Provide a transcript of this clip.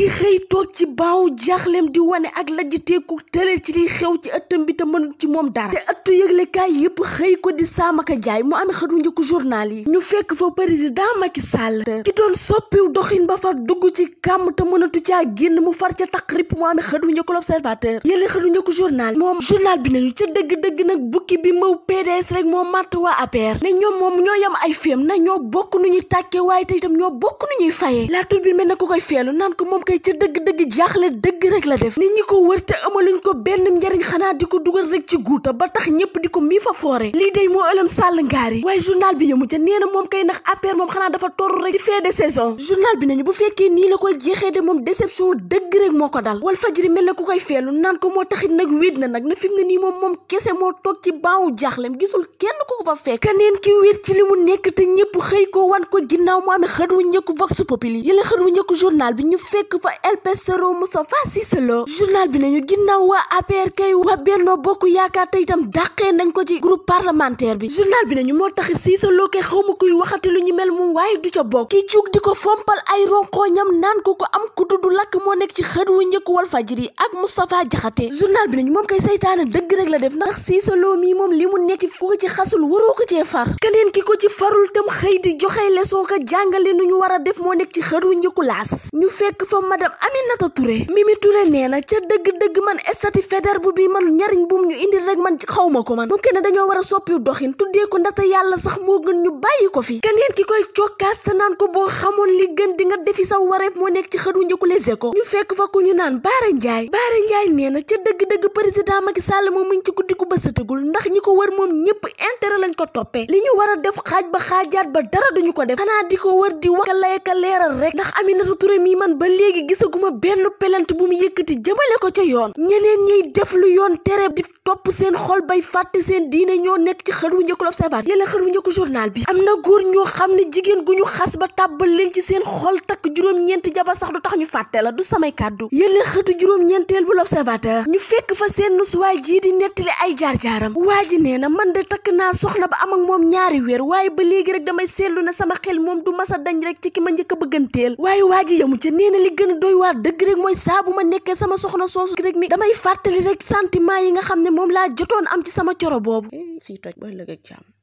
ki xëy toog ci baaw jaaxlem di wane ak teeku tële ci liy xew ci ëttam bi te mënul ci moom dara te ëttu yëglekaay yëpp xëy ko di saamaka jaay mu amee xëtu njëkku journal yi ñu fekk fa président Macky Sall ki doon soppiw doxin ba far dugg ci kàmm te mënatu caa génn mu far ca taq rip mu amee xëtu njëkku l'observateur yële xëtu njëkku journal moom journal bi nañu ca dëgg-dëgg nag bukki bi mbaw PDS rek moo matt waa APR ne ñoom moom ñoo yam ay féem na ñoo bokk nu ñuy tàkkee waaye te itam ñoo bokk koy ca dëgg-dëgg jaaxle dëgg rek la def nit ñi ko wër te amaluñ ko benn njariñ xanaa di ko dugal rek ci guuta ba tax ñëpp di ko mii fa foore lii day moo ëlëm sàll ngaar yi waaye journal bi yëmu ca nee na moom kay ndax APR moom xanaa dafa torru rek ci fin de saison journal bi nañu bu fekkee nii la koy jeexee de moom déception dëgg rek moo ko dal wal fajri mel na ku koy feelu ko moo ko fa fekk keneen ki wéet ci li mu nekk te ñëpp xëy ko wan ko ginnaaw mu amee xët wu njëkk vox populi yële xët wu njëkk journal bi ñu fekk Moustapha El Pestero Moustapha Cissé Lo journal bi nañu ginnaaw waa APR kay waa Benno Bokk Yaakaar te itam dàqee nañ ko ci groupe parlementaire bi journal bi nañu moo tax Cissé Lo kay xawma kuy waxati lu ñu mel moom waaye du ca bokk ki jug di ko fompal ay ronkooñam naan ko ko am ku dudd lakk moo nekk ci wu njëkk wal fajiri ak Moustapha Jaxate journal bi nañu moom kay saytaane dëgg rek la def ndax Cissé Lo mii moom li mu nekk fu ko ci xasul waroo ko cee far keneen ki ko ci farul tam xëy di joxe leçon ka jàngale nu ñu war a def moo nekk ci xët wu njëkku laas ñu fekk fa doom madame Aminata Touré Mimi Touré nee na ca dëgg-dëgg man estati Faidherbe bi man njariñ bum ñu indil rek man xaw ko man moom kenn dañoo war a soppi doxin tuddee ko ndaxte yàlla sax moo gën ñu bàyyi ko fi keneen ki koy cokkaas te naan ko boo xamoon li gën di nga sa wareef moo nekk ci xëtu njëkku Les Échos ñu fekk fa ku ñu naan Baara Ndiaye Baara Ndiaye nee na ca dëgg-dëgg président Macky Sall mu ngi ci guddi ku bësatagul ndax ñi ko wër moom ñëpp intérêt a def xaaj ba xaajaat ba dara léegi gisaguma benn pelante bu mu yëkkati jëmale ko ca yoon ñeneen ñiy def lu yoon tere di topp seen xol bay fàtte seen diine ñoo nekk ci xët wu njëkku l'Observateur yëla xët wu njëkku journal bi na góor ñoo xam ne jigéen gu ñu xas ba tàbbal leen seen xol takk juróom-ñeenti jabar sax du tax ñu fàtte la du samay kàddu yëla juróom-ñeenteel bu l'Observateur ñu fekk fa seen nusuwaay jii di nettali ay jaar-jaaram waa ji nee na man de takk naa soxna ba am ak moom ñaari weer waaye ba léegi rek damay seetlu ne sama xel moom du masa dañ rek ci ki ma njëkk a bëgganteel waaye waa ji yamu ca nee li gën a doy waar dëgg rek mooy saa ma nekkee sama soxna soosu rek ni damay fàttali rek santiment yi nga xam ne moom laa jotoon am ci sama coro boobu eh, fii toj ba ëllëg ak jàmm